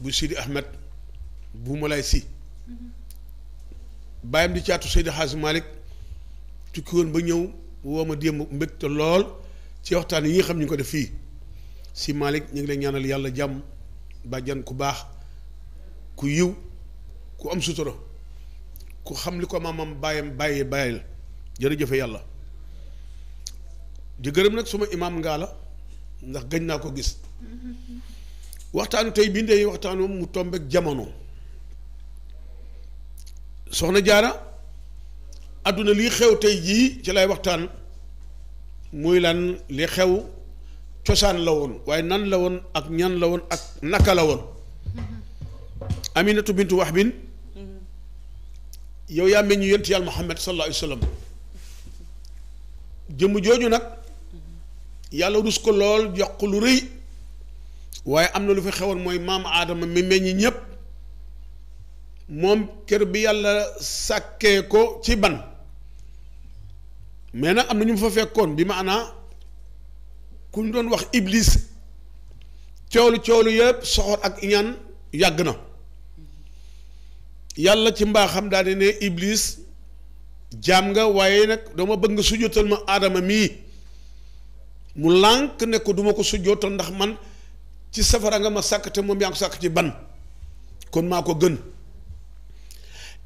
bu Sidi Ahmed bu Moulay Si bàyyam di caatu Seydi Hadji Malick tukki woon ba ñëw woo ma démb mbégte lool ci waxtaan yi nga xam ñu ko def fii si Malick ñu ngi lay ñaanal yàlla jàmm bàjjan ku baax ku yiw ku am sutura ku xam li ko maamam bàyyam bàyyee bàyyi la jërëjëfe yàlla di gërëm nag suma imaam ngaa la ndax gañ naa ko gis waxtaanu tey bii ndey waxtaanu mu tombeek jamono soxna jaara àdduna lii xew tey jii ci lay waxtaan muy lan li xew cosaan la woon waaye nan la woon ak ñan la woon ak naka la woon aminatu bintu wax bin yow yaa meññ yent yàlla muhammad sallallahu alayhi wa sallam jëmm jooju nag yàlla rus ko lool jox lu rëy waaye am na lu fi xewoon mooy maam aadama mi meññ ñépp moom kër bi yàlla sàkkee ko ci ban mais na am na ñu mu fa fekkoon bi maanaa ku ñu doon wax iblis coolu coolu yépp soxor ak iñaan yàgg na yàlla ci mbaaxam daal di ne iblis jaam nga waaye nag dama bëgg nga sujjóotal ma aadama mii mu lànk ne ko duma ko sujjóotal ndax man ci safara nga ma sàkk te moom yaa ngi sàkk ci ban kon maa ko gën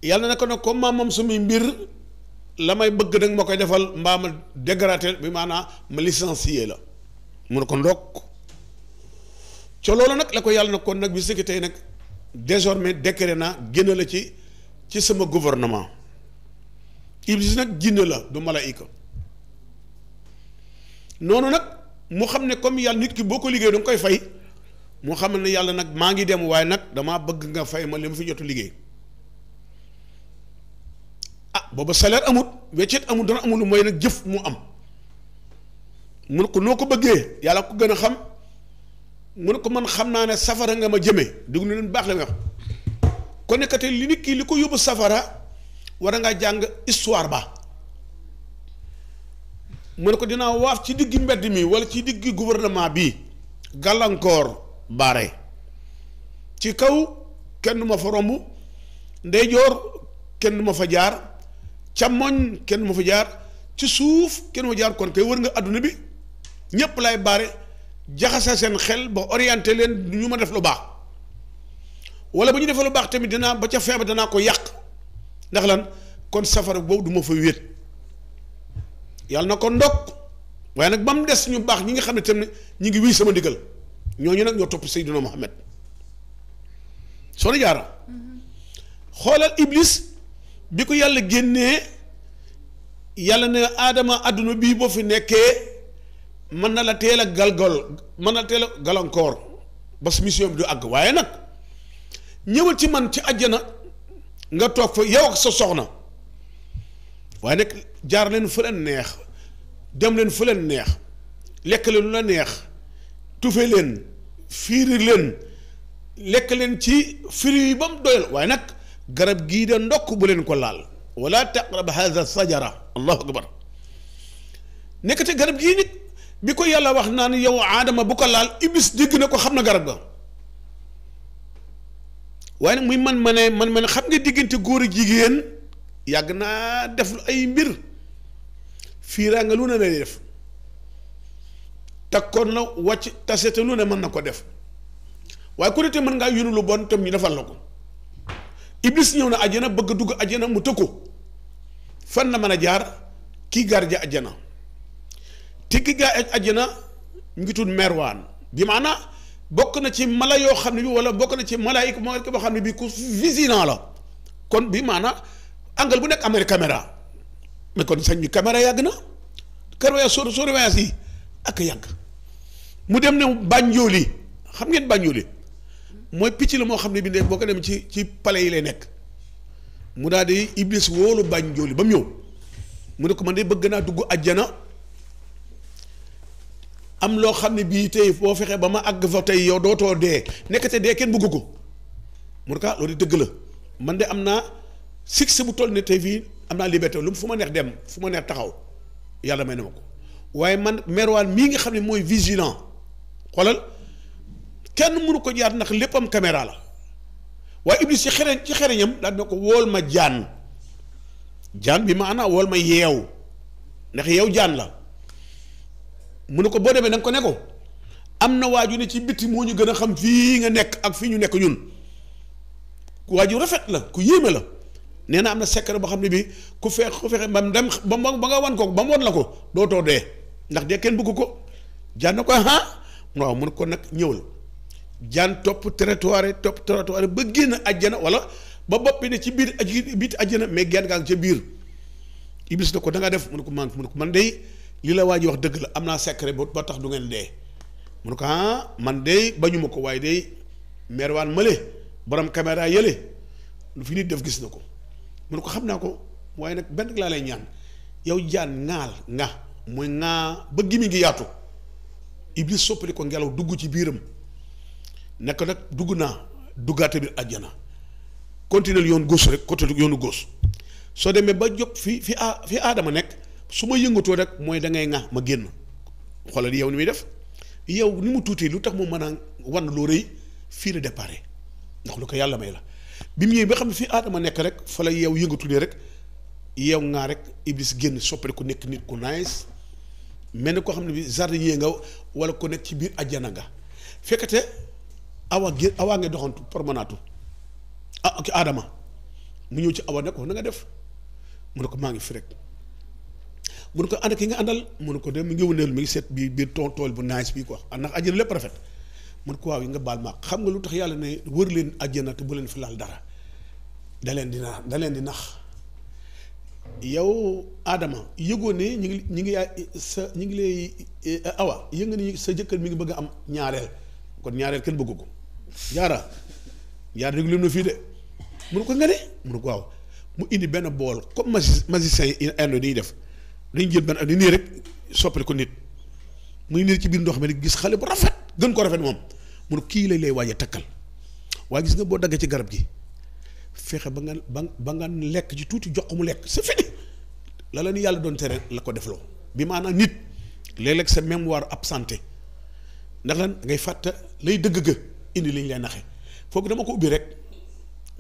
yàlla na ko nag comme maa moom sumuy mbir la may bëgg nag ma koy defal mbaa ma dégradé bi maanaa ma licencié la mu ne ko ndokk ca loolu nag la ko yàlla na kon nag bi sikki tey nag désormais décret na génn la ci ci sama gouvernement Iblis nag jinne la du malaayika noonu nag mu xam ne comme yàlla nit ki boo ko liggéey danga koy fay mu xamal ne yàlla nag maa ngi dem waaye nag damaa bëgg nga fay ma li mu fi jotu liggéey ah booba salaire amut weccet amut dana amul mooy nag jëf mu am mu ne ko noo ko bëggee yàlla ko gën a xam mu ne ko man xam naa ne safara nga ma jëme jëmee déglu leen baax la nga wax kon nekkate li nit kii li ko yóbbu safara war a ngaa jàng histoire ba mu ne ko dinaa waaf ci digg mbedd mi wala ci digg gouvernement bi gàllankoor baare ci kaw kenn du ma fa romb ndeyjoor kenn du fa jaar càmmoñ kenn du fa jaar ci suuf kenn du ma jaar kon kay wër nga àdduna bi ñépp lay baare jaxasa seen xel ba orienté leen ñu ma def lu baax walla bu ñu defee lu baax tamit dinaa ba ca feebar danaa ko yàq ndax lan kon safara boobu duma fa wéet yàlla na ko ndokk waaye nag ba mu des ñu baax ñi nga xam ne tamit ñu ngi wii sama ndigal ñooñu nag ñoo topp Seydina Mohamed soxna Jaara xoolal Iblis bi ko yàlla génnee yàlla ne aadama àdduna bii boo fi nekkee mën na la teel a galgal mën na la teel a ba bas mission bi du àgg waaye nag ñëwal ci man ci àjjana nga toog fa yow ak sa soxna waaye nag jaar leen fu leen neex dem leen fu leen neex lekk leen lu la neex tufe leen fiiri leen lekk leen ci firi yi ba mu doyal waaye nag garab gii de ndokk bu leen ko laal walla wala taqrab hadha sajara allahu akbar nekkate garab gii nit bi ko yàlla wax naan yow aadama bu ko laal iblis dégg na ko xam na garab ga waaye nag muy man ma ne man ma xam nga diggante góor a jigéen yàgg naa def ay mbir fiiraa nga lu ne lay def kon na wàcc tase te lu ne mën na ko def waaye ku ne te mën ngaa yunu lu bon tam ñu defal la ko iblis ñëw na ajjana bëgg a dugg ajjana mu tëkku fan la mën a jaar kii gaar ja ajjana te ki gaar ajjana ñu ngi tudd merwaan bi maanaa bokk na ci mala yoo xam ne bi wala bokk na ci malaayik mooy boo xam ne bi ku vigilant la kon bi maanaa angle bu nekk am na caméra kon sañ bi caméra yàgg na caméra surveillance yi ak yàgg mu dem ne Banjoli xam ngeen Banjoli mooy picc la moo xam ne bii ne boo ko dem ci ci palais yi lay nekk mu daal di Iblis wóolu Banjoli ba mu ñëw mu ne ko man de bëgg naa dugg àjjana am loo xam ne bii tey boo fexee ba ma àgg fa tey yow dootoo dee nekkate dee kenn bëgg ko mu ne ko ah, loolu dëgg la man de am naa six bu toll ne tey fii am naa liberté lu fu ma neex dem fu ma neex taxaw yàlla may ne ma ko waaye man merwaan mii nga xam ne mooy vigilant xoolal kenn mënu ko jaat ndax lépp am caméra la waaye iblis ci xereñ ci xereñam daal ne ko wool ma jaan jaan bi maanaa wool ma yeew ndax yeew jaan la mu ne ko boo demee da ko ne ko am na waaju ne ci bitti moo ñu gën a xam fii nga nekk ak fii ñu nekk ñun waaju rafet la ku yéeme la nee na am na secret boo xam ne bi ku feex ku fexe ba mu dem ba ba nga wan ko ba mu wan la ko dootoo dee ndax dee kenn bëgg ko jaan na ko ah waaw mun ko nag ñëwal jaan topp territoire topp territoire ba génn àjjana wala ba boppi ne ci biir aji biit àjjana mais genn gaa ngi biir iblis na ko da nga def mun ko man mun ko man de li la waa ji wax dëgg la am naa secret ba tax du ngeen dee mun ko ah man de bañuma ko waaye de merwaan mële borom caméra yële lu fi nit def gis na ko mun ko xam naa ko waaye nag benn laa lay ñaan yow jaan ŋaal nga mooy ŋaa ba gimi ngi yaatu Iblis soppali ngelaw dugg ci biiram nekk nag dugg naa duggaate bi ak àjjana continuer yoon gauche rek côté yoonu gauche soo demee ba jóg fi fi a fi aadama nekk su ma yëngatoo rek mooy da ngay ŋax ma génn xoolal yow ni muy def yow ni mu tuuti lu tax mu mën a wan loo rëy fii la déparé ndax lu ko yàlla may la bi mu ñëwee ba xam ne fii aadama nekk rek fa la yow yëngatu ne rek yow ŋaa rek Iblis génn soppali ku nekk nit ku nice mel ni koo xam ne bi jardinier nga wala ko nekk ci biir ajjana nga fekkate awa gé awa nga doxantu promenade ah ok Adama mu ñëw ci awa ne ko na nga def mu ne ko maa ngi fi rek mu ne ko ànd ki nga àndal mu ne ko dem mu ngi wëndeel mi ngi seet bi biir tool tool bu naaj bii am nax ajjana lépp rafet mu ne ko waaw yi nga baal ma xam nga lu tax yàlla ne wër leen ajjana te bu leen fi laal dara da leen di nax da leen di nax yow aadama yëgoon ne ñu ngi ñu ngi sa ñu ngi lay eh, awa yëg nga ni sa jëkkër mi ngi bëgg am ñaareel kon ñaareel kenn bëgg ko jaara jaara déglu na fii de mënu ko nga ne mënu ko aw mu indi benn bool comme magi magicien yi indo dañuy def dañu jël benn ni nii rek soppali nit muy nit ci biir ndox mi di gis xale bu rafet gën ko rafet moom mënu kii lay lay waaje takkal waaye gis nga boo daggee ci garab gi fexe ba nga ba ba nga lekk ci tuuti jox mu lekk c'est fini la la ñu yàlla doon tere la ko defloo bi maanaa nit léeg-léeg sa mémoire absenté ndax lan ngay fàtta lay dëgg ga indi li ñu lay naxe foofu dama ko ubbi rek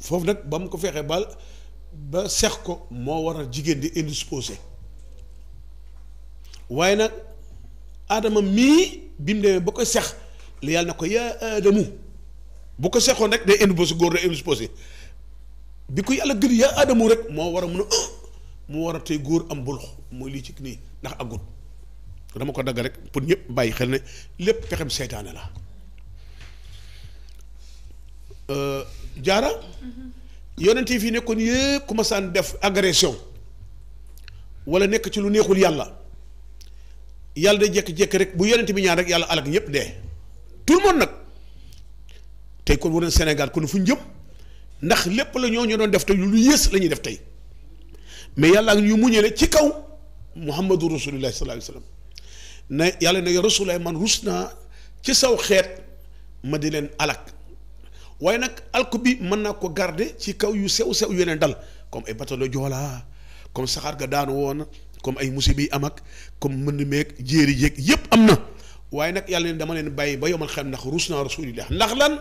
foofu nag ba mu ko fexee ba ba seex ko moo waral jigéen di indisposé waaye nag aadama mii bi mu demee ba ko seex li yàlla na ko yaa aadamu bu ko seexoon rek day indisposé góor day bi ko yàlla gën yaa aadamu rek moo war a mun a ah, mu war a tey góor am bulux mooy lii ci nii ndax agut dama ko dagg rek pour ñëpp bàyyi xel ne lépp pexem seytaane la euh, jaara mm-hmm. yonent yi fii nekkoon yëpp ku ma saan def agression wala nekk ci lu neexul yàlla yàlla day jékki-jékki rek bu yonent bi ñaan rek yàlla alak ñëpp dee tout le nag tey kon war na Sénégal kon fu ñu ndax lépp la ñoo ñu doon def te lu yées la ñuy def tey mais yàlla ak ñu muñale ci kaw muhammadu rasulullah sallallahu alayhi wasallam na yàlla na rasulullah man rus naa ci saw xeet ma di leen alak waaye nag alku bi mën naa ko garde ci kaw yu sew sew yeneen dal comme ay bateau joolaa comme saxaar ga daanu woon comme ay musiba yi am ak comme mën meeg jéeri jéeg yépp am na waaye nag yàlla ne dama leen bàyyi ba yomal xam ndax rus naa rasulillah ndax lan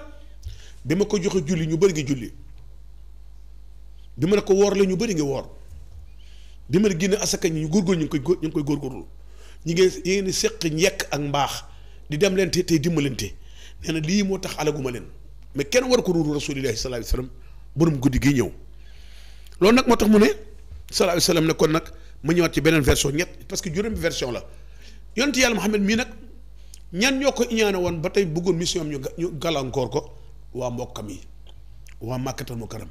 bi ma ko joxe julli ñu bëri gi julli bi ma ne ko woor la ñu bëri nga woor bi ma ne génne asaka ñi ñu góorgóor ñu ngi koy góor ñu ngi koy góorgóorlu ñi séq ñekk ak mbaax di dem leen te tey dimbalante nee na lii moo tax alaguma leen mais kenn war ko ruuru rasulillahi sallallahu alayhi wasallam borom guddi gi ñëw loolu nag moo tax mu ne sallallahu alayhi ne kon nag ma ñëwaat ci beneen version ñett parce que juróomi version la yonent yàlla Muhammad mii nag ñan ñoo ko iñaane woon ba tey bëggoon mission am ñu ñu gàllankoor ko waa mbokkam yi waa màkkatal mu karam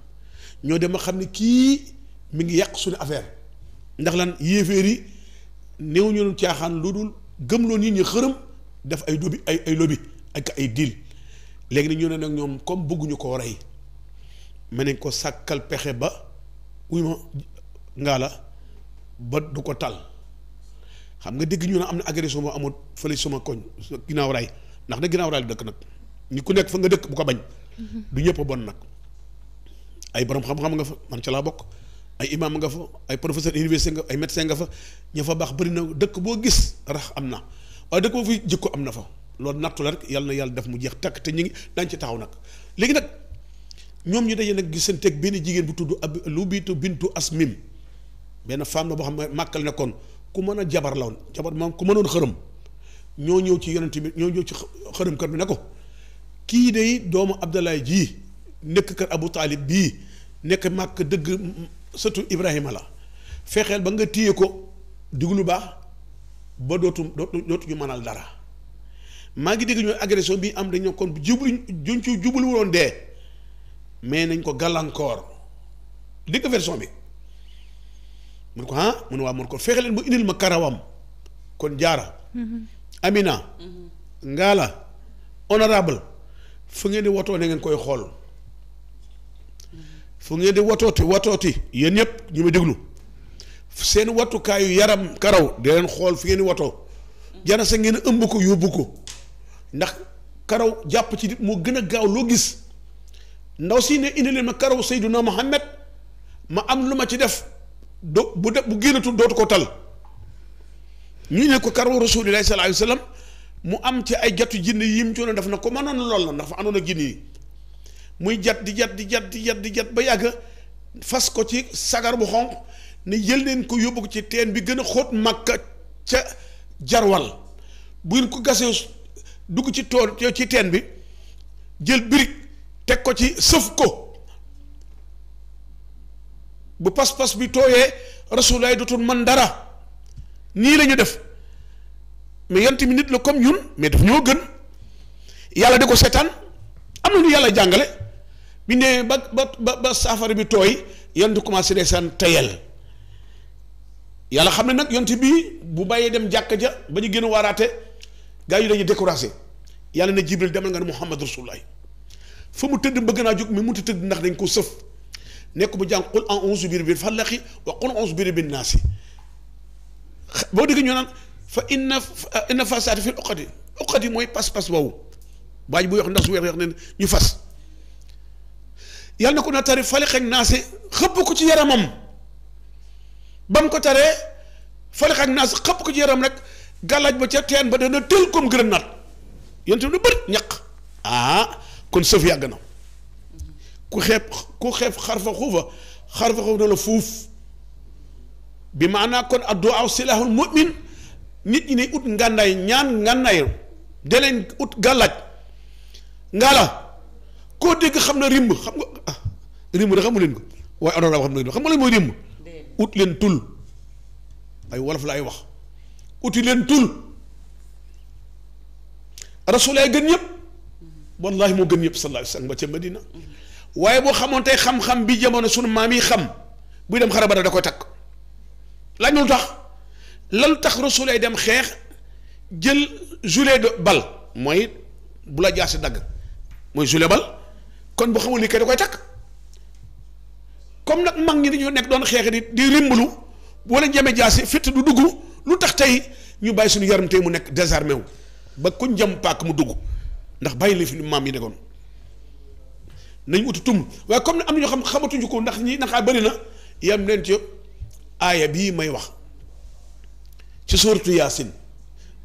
ñoo dem ba xam ne kii mi ngi yàq suñu affaire ndax lan yéeféer yi néew caaxaan lu dul gëm gëmloo nit ñi xërëm def ay dobi ay ak ay diil léegi nag ñu ne nag ñoom comme bëgguñu koo rey ma ne ko sàkkal pexe ba wuy ma ngaa la ba du ko tal xam nga dégg ñu ne am na agression boo amul fële sama koñ ginnaaw raay ndax nag ginnaaw raay lu dëkk nag ñu ku nekk fa nga dëkk bu ko bañ mm-hmm. du ñëpp bon nag ay borom xam-xam nga fa man ca laa bokk ay imam nga fa ay professeur université nga ay médecin nga fa ña fa baax bari na dëkk boo gis rax am na waaye dëkk boo fi jikko am na fa loolu nattu la rek na yàlla def mu jeex takk te ñu ngi daañu ci taxaw nag léegi nag ñoom ñu daje nag gisanteeg benn jigéen bu tudd ab lu biitu bintu asmim benn femme la boo xam ne màkkal nekkoon ku mën a jabar la woon jabar moom ku mënoon xërëm ñoo ñëw ci yonent bi ñoo ñëw ci xërëmkat bi ne ko kii day doomu Abdalaay ji nekk kër Abu Taalib bii nekk màkk dëgg sëtu Ibrahima la fexeel ba nga téye ko diggu lu baax ba dootu dootu ñu mënal dara maa ngi dégg ñooy agression bi am dañu kon jublu juñ ci jublu woon dee mais nañ ko gàllankoor dégg version bi mun ko ah mun waa mun ko fexe leen mu indil ma karawam kon jaara mm-hmm. amina mm-hmm. ngaala honorable fu ngeen di wotoo ne ngeen koy xool su ngeen di watooti watooti yéen ñëpp ñu ma déglu seen watukaayu yaram karaw di xool fi ngeen di watoo jana sa ngeen ëmb ko yóbbu ko ndax karaw jàpp ci nit moo gën a gaaw loo gis ndaw si ne indi leen ma karaw Seyduna Muhammad ma am lu ma ci def do bu def bu génnatul dootu ko tal ñu ne ko karaw Rasulillahi sallallahu alayhi mu am ci ay jatu jinne yim ci woon def na ko mënoon lool la ndax fa àndoon ak jinne muy jat di jat di jat di jat di jat ba yàgg fas ko ci sagar bu xonq ne jël leen ko yóbbu ko ci teen bi gën a xóot Makka ca jarwal bu ngeen ko gasee dugg ci tool ci teen bi jël birig teg ko ci sëf ko bu pas-pas bi tooyee rasulaay dootul man dara nii lañu def mais yant mi nit la comme ñun mais daf ñoo gën yàlla di ko seetaan am yàlla jàngale bi ba ba ba ba saafara bi tooy yonent bi commencé ndeysaan tayal yàlla xam ne nag yonent bi bu bàyyee dem jàkk ja ba ñu gën a waaraate gaa yi dañu découragé yàlla ne jibril demal nga ne muhammad rasulullah fa mu tëdd bëgg naa jóg mais mu tëdd ndax dañ koo sëf nekk bu jàng qul a'uuzu bi rabbil falaqi wa qul a'uuzu bi rabbin naasi boo déggee ñu naan fa inna inna fasaati fil uqadi uqadi mooy pas-pas woowu baa ji bu yox ndax su weex yox ne ñu fas yàlla na ko na tari fali xeeg xëpp ko ci yaramam ba ko taree fali xeeg naasi xëpp ko ci yaram rek gàllaaj ba ca teen ba dana tël comme grenade yéen itam lu bëri ñaq ah kon sëf yàgg na ku xeeb ku xeeb xarfa xuufa xarfa xuufa na la fuuf bi maanaa kon addu aw silahul mu'min nit ñi ne ut ngànnaay ñaan ngànnaay da leen ut gàllaaj ngala koo dégg xam na rimb xam nga ah rimb da xamu leen ko waaye honorable xam na xam nga lan mooy rimb ut leen tul ay wolof laay wax uti leen tul rasulaay gën ñëpp wallahi moo gën ñëpp sallallahu alayhi wasallam ba ca Madina waaye boo xamoon tey xam-xam bi jamono sunu maam yi xam buy dem xarabara da koy takk laaj ma lu tax lan tax rasulaay dem xeex jël gilet de balle mooy bu la jaasi dagg mooy gilet balle kon bu xamul lii kay da koy takk comme nag mag ñi dañoo nekk doon xeex di di rimbalu wala jame jaasi fitt du dugg lu tax tey ñu bàyyi suñu yaram tey mu nekk désarmé wu ba kuñ jam paak mu dugg ndax bàyyi la fi lu maam yi nekkoon nañ uti tum waaye comme ne am na ñoo xam xamatuñu ko ndax ñi naxaa bëri na yam leen ci aaya bii may wax ci suuratu yaasin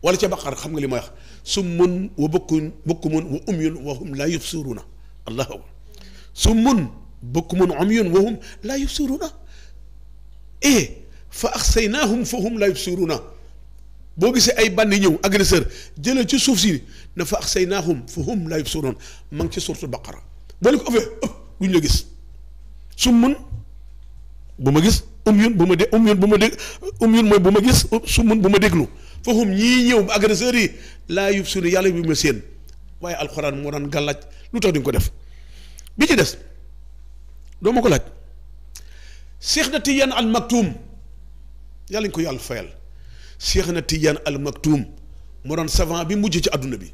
wala ca baqar xam nga li may wax summun wa bukkun bukkumun wa umyun wa hum laa yubsiruuna allahu akbar summun bukmun umyun wa hum laa yubsiruuna e fa axsaynaahum fa hum laa yubsiruuna boo gisee ay bandi ñëw agresseur jëlee ci suuf si ne fa axsaynaahum fa hum laa yubsiruun ma ngi ci suurtu baqara boo leen ko ëppee ëpp duñ la gis summun bu ma gis umyun bu ma dé umyun bu ma dé umyun mooy ma gis summun bu ma déglu fa hum ñii ñëw ba agresseur yi laa yubsiruuna yàlla bi ma seen waaye alxuraan moo daan gàllaaj lu tax duñ ko def bi ci des doo ma ko laaj Cheikh na Tidiane al Maktoum yàlla ñu ko yàlla fayal Cheikh na Tidiane al Maktoum moo doon savant bi mujj ci àdduna bi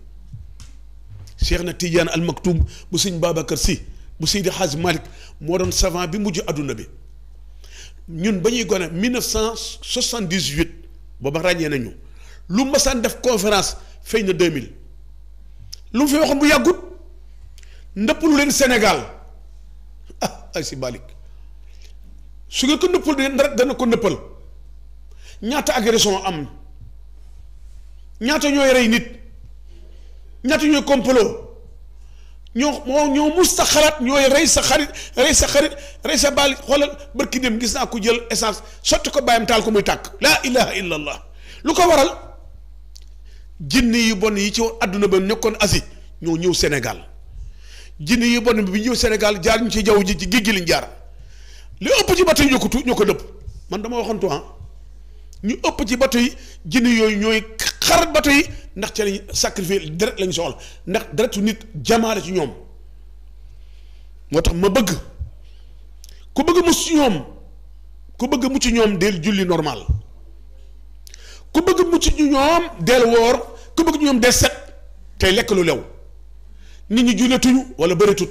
Cheikh na Tidiane al Maktoum bu sëñ Babacar Sy bu Seydi Hadj Malick moo doon savant bi mujj àdduna bi ñun ba ñuy gone 1978 booba ràññee nañu lu masaan def conférence feeñ na 2000. lu mu fi waxoon bu yàggut ndëppalu leen Sénégal ah ay si balik su ngeen ko nëppal de dana ko nëppal ñaata agression am ñaata ñooy rey nit ñaata ñooy complot ñoo moo ñoo mus sa xalaat ñooy rey sa xarit rey sa xarit rey sa bali xoolal bërki dem gis naa ko jël essence sotti ko bàyyam taal ko muy tàkk laa ilaha illa lu ko waral jinne yu bon yi ci àdduna adduna ba nekkoon Asie ñoo ñëw Sénégal jinne yi bon bi ñëw Sénégal jaar ñu ci jaw ji ci géej gi lañ jaar li ëpp ci bateau yi ñoo ko tu dëpp man dama waxoon tu ah. ñu ëpp ci bateau yi jinne yooyu ñooy xar bateau yi ndax ci lañ sacrifier deret lañ soxla ndax deretu nit jamaale ci ñoom moo tax ma bëgg ku bëgg mucc ñoom ku bëgg mucc ñoom del julli normal ku bëgg mucc ñu ñoom del woor ku ñu ñoom des set tey lekk lu lew nit ñi jullituñu wala bëritut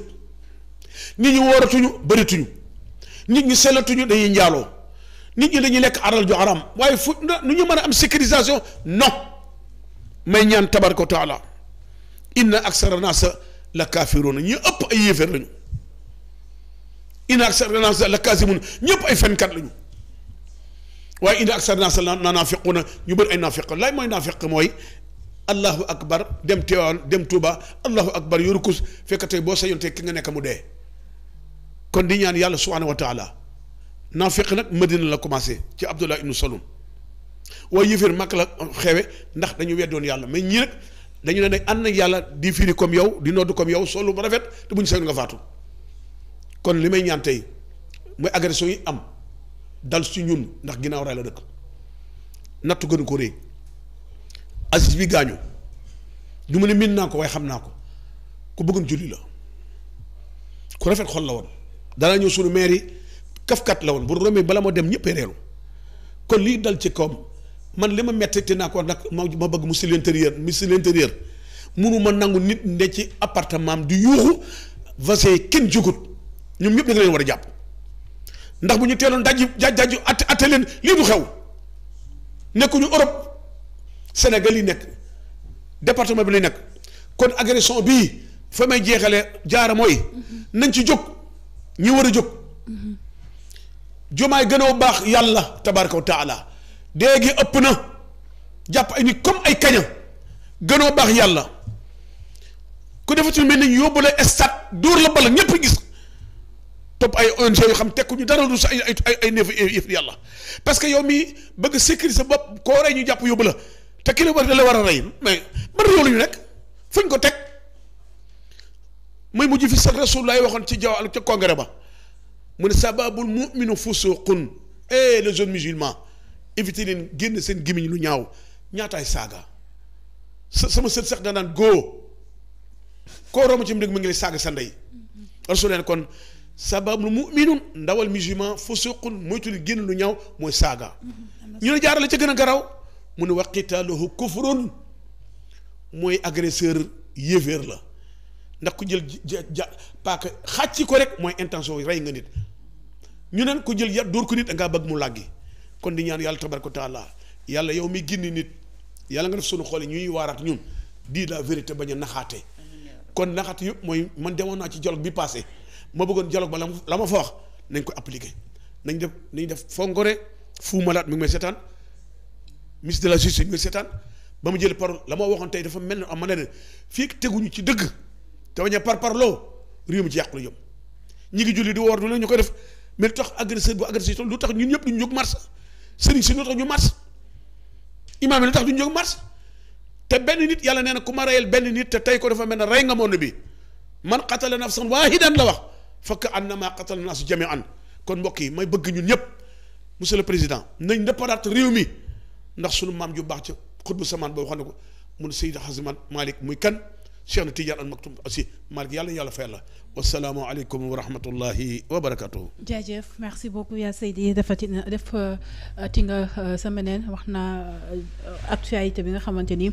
nit ñi wooratuñu bërituñu nit ñi sellatuñu dañuy njaaloo nit ñi dañuy lekk aral ju haram waaye fu nu ñu mën a am sécurisation non may ñaan tabaraka wa taala inna aksara naasa la kaafiruuna ñu ëpp ay yéeféer lañu inna aksara naasa la kaasimuun ñëpp ay fenkat lañu waaye inna aksara naasa la na ñu bëri ay naafiq laay mooy naafiq mooy allahu akbar dem Tiwaawan dem Touba allahu akbar yu rukus fekk tey boo sañoon tey ki nga nekk mu dee kon di ñaan yàlla subhaanahu wa taala naafiq nag Madina la commencé ci Abdullah ibnu Salum waaye yëfër mag la xewe ndax dañu weddoon yàlla mais ñii nag dañu ne nag ànd nañ yàlla di firi comme yow di noddu comme yow solu ba rafet te buñ sañoon nga faatu kon li may ñaan tey mooy agression yi am dal si ñun ndax ginnaaw raay la dëkk nattu gënu ko réy Aziz bi gaañu du ma ne miin naa ko waaye xam naa ko ku bëggoon julli la ku rafet xol la woon danaa ñëw suñu maire yi kafkat la woon bu romee bala moo dem ñëppay reelu kon lii dal ci kaw man li ma metti te naa ko nag ma ma bëgg mu si l'intérieur mu si l'intérieur munu ma nangu nit ne ci appartement di yuuxu vaccin kenn jógut ñoom ñëpp da leen war a jàpp ndax bu ñu teeloon daj daj daj atte atte leen lii du xew nekkuñu Europe. Sénégal yi nekk département bi lay nekk kon agression bii fa may jeexalee jaara mooy nañ ci jóg ñi war a jóg jomaay gën a baax yàlla tabaraka wa taala dée gi ëpp na jàpp ay nit comme ay kaña gën a baax yàlla ku defa ci mel ni yóbbu la stade dóor la bala ñëpp gis topp ay ONG yoo xam tekku ñu dara lu sa ay ay ay neef yàlla parce que yow mi bëgg sécuriser sa bopp koo rey ñu jàpp yóbbu la te kilo la war la war a rey mais ban réew la ñu nekk fuñ ko teg muy mujj fi sax Rasulullah waxoon ci jaw ca congrès ba mu ne sababul mu'minu fusuqun eh les jeunes musulmans éviter leen génn seen gémmiñ lu ñaaw ñaataay saaga sa sama sët sax da naan góo koo romb ci mu dëgg mu ngi lay saaga sa ndey Rasulullah kon sababul mu'minun ndawal musulman fusuqun moytu leen génn lu ñaaw mooy saaga mm-hmm. ñu ne jaarale ca gën a garaw. mu ne waqitaaluhu kufrun mooy agresseur yéeféer la ndax ku jël ja paaka ci ko rek mooy intention rey nga nit ñu neen ku jël yar dóor ko nit da ngaa bëgg mu làggi kon di ñaan yàlla tabaraka taala yàlla yow mi gindi nit yàlla nga def sunu xool ñuy waaraat ñun di la vérité bañ a naxaate kon naxaate yëpp mooy man demoon naa ci dialogue bi passé ma bëggoon dialogue ba la ma fa wax nañ ko appliqué nañ def nañ def Fongore Fou Malade mi ngi may seetaan ministre de la justice ngir seetaan ba mu jël parole la ma waxoon tey dafa mel ne am ma ne fii teguñu ci dëgg te bañ par parloo réew mi ci yàqu la jëm ñi ngi julli di woor du la ñu koy def mais lu tax agresseur bu agresseur tool lu tax ñun ñëpp duñ jóg mars sëriñ si lu tax ñu mars imaam yi lu tax duñ jóg mars te benn nit yàlla nee na ku ma reyal benn nit te tey ko dafa mel ne rey nga monde bi man qatala nafsan waahidan la wax fakk annama qatala naasu jami'an kon mbokk yi may bëgg ñun ñëpp monsieur le président nañ dëpparaat réew mi ndax sunu maam ju baax ca xutbu samaan boo xam ne ko mun Seydi Xasan Malick muy kan Cheikh na Tidiane al Maktoum aussi ah, Malick yàlla na yàlla fayal la wasalaamualeykum wa rahmatullahi wa barakatuhu jaajëf merci beaucoup yaa Seydi defati na def euh, ti nga euh, sa meneen wax naa euh, actualité bi nga xamante ni.